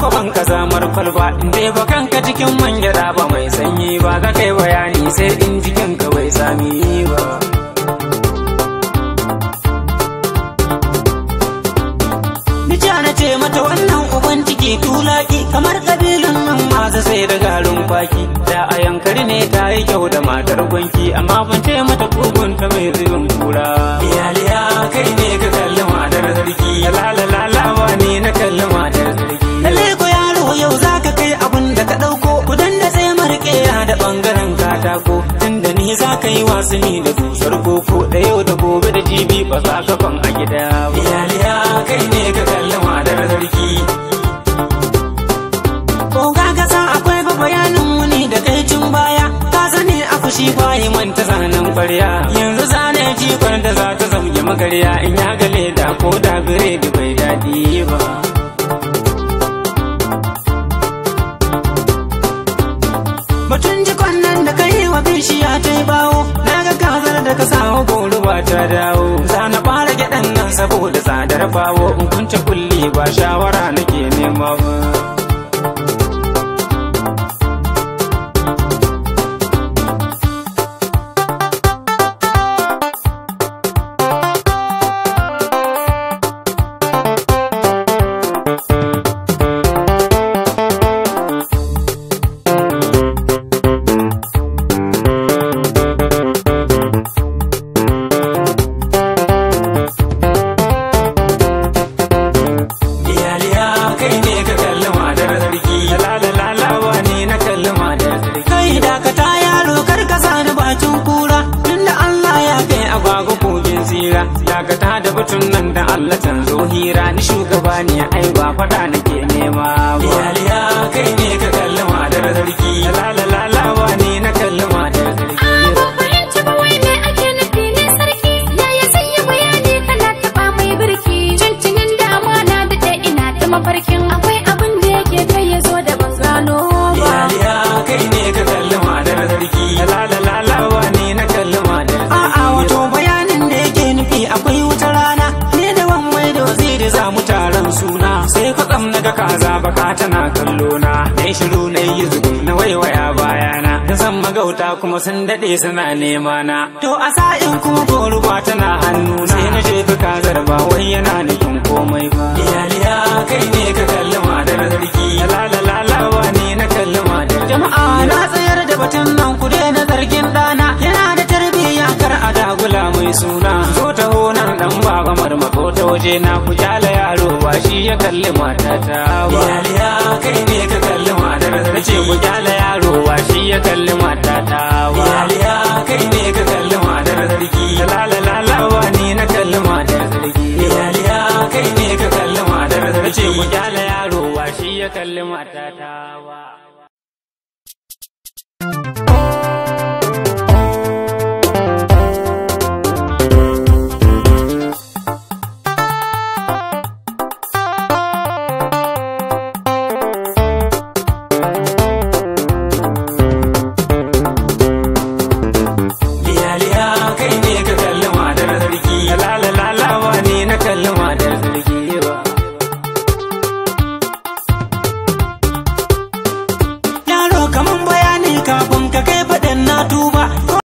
kwaban ka zamar kwalba in dai ba kanka cikin man gyada ba mai sanyi ba ga kai bayani sai in jikin ka bai sami ba Nija na ce mata wannan uban ciki tulaki kamar kabilun nan masu sai da garin kwaki da a yankari ne ta yi kyau da matar gwanki amma ban ce mata kugunta mai zubin kura sakon a gida iyaliya kai ne ka kalli madar sarki ko ga gasa akwai ba bayanin muni da kai baya ka zane a fushi bayi manta zanen kwarya yanzu zane jikon da za ta zamge magarya in ya gale da ko da biredi bai daɗi ba Batun jikon nan da kai wa bishiya ta yi bawo na ga kazar da ka samu ba ta dawo yar in kunce kulli ba shawara nake nema ba ta da batun nan da Allah can zo hira ni shugaba ne ai ba fada nake nema ba iyaliya kai ne ka kallama da sarki la la la la wa ne na kallama da sarki mafarkin akwai sai kwatsam na ga kaza baka tana kallo na dai shiru na yi zugun na waiwaya bayana na san magauta kuma sun dade suna nema na to a sa'in kuma ba tana hannu sai na kaza kazar ba wai yana nufin komai ba iyaliya kai ne ka kalli da sarki la la la la ba ne na kalli da jama'a na tsayar da batun nan ku na zargin dana yana da tarbiyya kar a dagula mai suna waje na ku jala yaro ba shi ya kalli ta ba Iyaliya kai ne ka kalli matar da ce ku jala yaro ba shi ya kalli ta ba Iyaliya kai ne ka kalli matar sarki la la la ba ni na kalli matar sarki Iyaliya kai ne ka kalli matar da ce ku jala yaro ba shi ya kalli ta ba